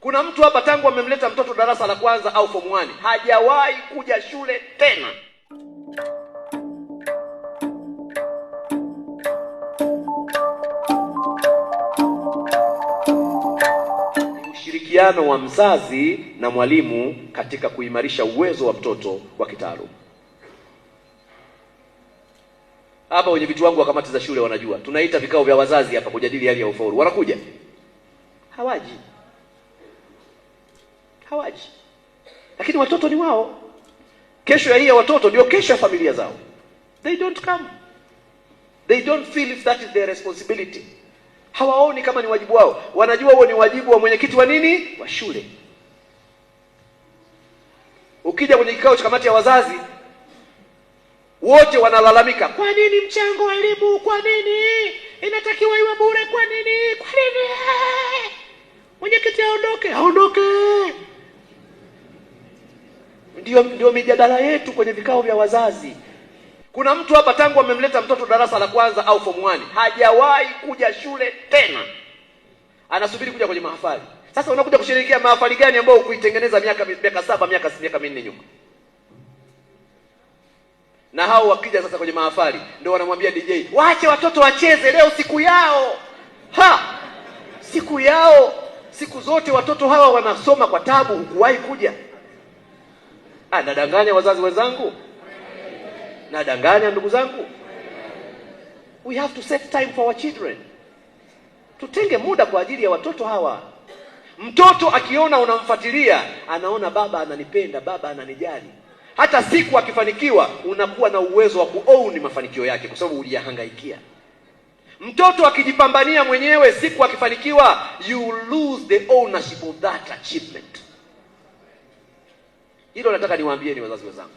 Kuna mtu hapa tangu amemleta mtoto darasa la kwanza au form 1 hajawahi kuja shule tena. Ushirikiano wa mzazi na mwalimu katika kuimarisha uwezo wa mtoto wa kitaaluma. Hapa wenye vitu wangu wa kamati za shule wanajua tunaita vikao vya wazazi hapa kujadili hali ya ufaulu, wanakuja? Hawaji hawaji, lakini watoto ni wao. Kesho ya hii ya watoto ndio kesho ya familia zao. They don't come, they don't feel if that is their responsibility. Hawaoni kama ni wajibu wao, wanajua huo ni wajibu wa mwenyekiti wa nini, wa shule. Ukija kwenye kikao cha kamati ya wazazi wote wanalalamika, kwa nini mchango wa elimu, kwa nini inatakiwa iwe bure, kwa nini, kwa nini mwenyekiti aondoke? Aondoke. Ndiyo, ndio mijadala yetu kwenye vikao vya wazazi. Kuna mtu hapa tangu amemleta mtoto darasa la kwanza au form 1 hajawahi kuja shule tena, anasubiri kuja kwenye mahafali. Sasa unakuja kushirikia mahafali gani ambayo ukuitengeneza miaka miaka saba miaka miaka minne nyuma? Na hao wakija sasa kwenye mahafali ndio wanamwambia DJ waache watoto wacheze, leo siku yao. Ha, siku yao. Siku zote watoto hawa wanasoma kwa tabu, hukuwahi kuja Ah, nadanganya wazazi wenzangu? Nadanganya ndugu zangu? We have to set time for our children. Tutenge muda kwa ajili ya watoto hawa. Mtoto akiona unamfuatilia, anaona baba ananipenda, baba ananijali. Hata siku akifanikiwa, unakuwa na uwezo wa kuown mafanikio yake, kwa sababu uliyahangaikia. Mtoto akijipambania mwenyewe, siku akifanikiwa, you lose the ownership of that achievement. Hilo nataka niwaambie ni wazazi wenzangu,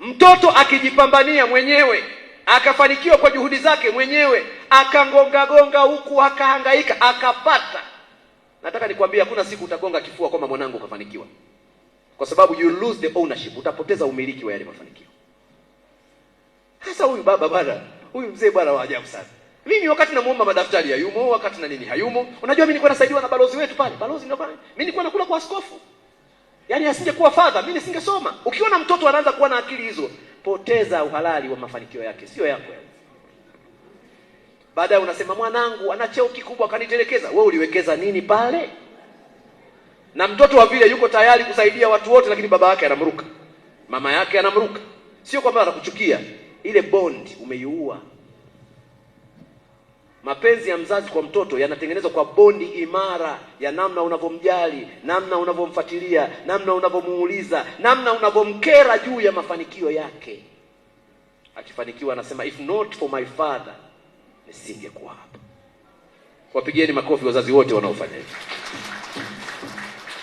mtoto akijipambania mwenyewe akafanikiwa kwa juhudi zake mwenyewe akangonga gonga huku akahangaika akapata, nataka nikwambie, hakuna siku utagonga kifua kwamba mwanangu kafanikiwa, kwa sababu you lose the ownership, utapoteza umiliki wa yale mafanikio. Sasa huyu baba bwana, huyu mzee bwana wa ajabu sana. Mimi wakati namuomba madaftari hayumo, wakati na nini hayumo. Unajua mimi nilikuwa nasaidiwa na balozi wetu pale, balozi ndio pale. Mimi nilikuwa nakula kwa askofu. Yaani asingekuwa fadha mimi nisingesoma. Ukiona mtoto anaanza kuwa na akili hizo, poteza uhalali wa mafanikio yake, sio yako. Yaani. Baadaye unasema mwanangu ana cheo kikubwa kanitelekeza. Wewe uliwekeza nini pale? Na mtoto wa vile yuko tayari kusaidia watu wote, lakini baba yake anamruka, mama yake anamruka. Sio kwamba anakuchukia, ile bond umeiua. Mapenzi ya mzazi kwa mtoto yanatengenezwa kwa bondi imara ya namna unavyomjali, namna unavyomfuatilia, namna unavyomuuliza, namna unavyomkera juu ya mafanikio yake. Akifanikiwa anasema if not for my father nisingekuwa hapa. Wapigieni makofi wazazi wote wanaofanya hivyo.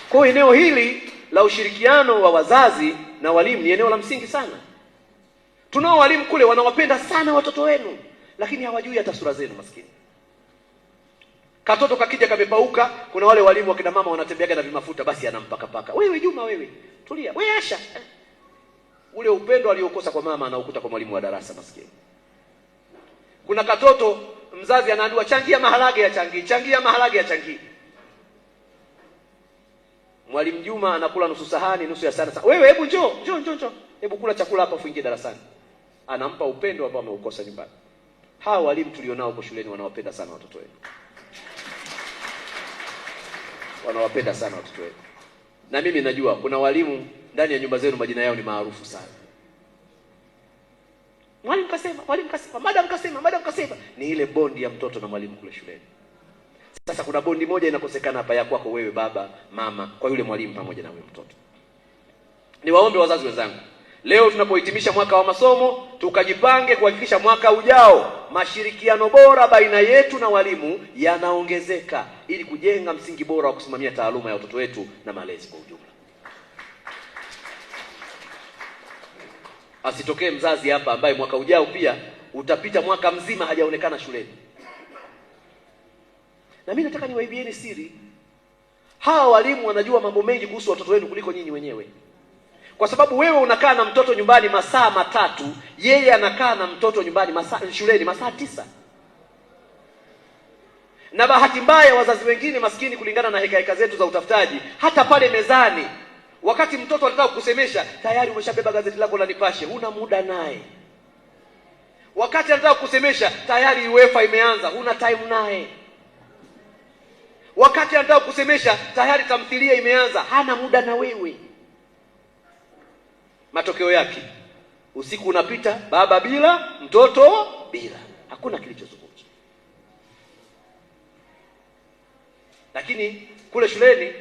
Kwa eneo hili la ushirikiano wa wazazi na walimu ni eneo la msingi sana. Tunao walimu kule wanawapenda sana watoto wenu lakini hawajui hata sura zenu maskini. Katoto kakija kamepauka, kuna wale walimu wakina mama wanatembeaga na vimafuta, basi anampaka paka. Wewe Juma, wewe tulia, wewe Asha. Ule upendo aliokosa kwa mama anaokuta kwa mwalimu wa darasa maskini. Kuna katoto mzazi anaandua changia maharage ya changi, changia maharage ya changi. Mwalimu Juma anakula nusu sahani, nusu ya sana Wewe hebu njoo, njoo njoo njoo. Hebu kula chakula hapa fuingie darasani. Anampa upendo ambao ameukosa nyumbani hawa walimu tulionao huko shuleni wanawapenda sana watoto wenu, wanawapenda sana watoto wenu. Na mimi najua kuna walimu ndani ya nyumba zenu majina yao ni maarufu sana. Mwalimu kasema, mwalimu kasema, madam kasema, madam kasema, ni ile bondi ya mtoto na mwalimu kule shuleni. Sasa kuna bondi moja inakosekana hapa, ya kwako wewe baba, mama, kwa yule mwalimu pamoja na wewe mtoto. Niwaombe wazazi wenzangu Leo tunapohitimisha mwaka wa masomo, tukajipange kuhakikisha mwaka ujao mashirikiano bora baina yetu na walimu yanaongezeka ili kujenga msingi bora wa kusimamia taaluma ya watoto wetu na malezi kwa ujumla. Asitokee mzazi hapa ambaye mwaka ujao pia utapita mwaka mzima hajaonekana shuleni. Na mimi nataka niwaibieni siri, hawa walimu wanajua mambo mengi kuhusu watoto wenu kuliko nyinyi wenyewe kwa sababu wewe unakaa na mtoto nyumbani masaa matatu, yeye anakaa na mtoto nyumbani masaa shuleni masaa tisa. Na bahati mbaya wazazi wengine maskini, kulingana na hekaheka zetu za utafutaji, hata pale mezani, wakati mtoto anataka kukusemesha, tayari umeshabeba gazeti lako la Nipashe, huna muda naye. Wakati anataka kukusemesha, tayari UEFA imeanza, huna time naye. Wakati anataka kukusemesha, tayari tamthilia imeanza, hana muda na wewe. Matokeo yake usiku unapita, baba bila mtoto bila, hakuna kilichozungumzwa. Lakini kule shuleni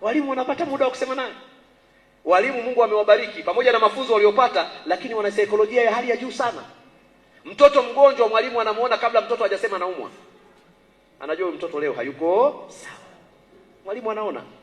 walimu wanapata muda wa kusema naye. Walimu Mungu amewabariki pamoja na mafunzo waliopata, lakini wana saikolojia ya hali ya juu sana. Mtoto mgonjwa, mwalimu anamuona kabla mtoto hajasema anaumwa, anajua mtoto leo hayuko sawa, mwalimu anaona.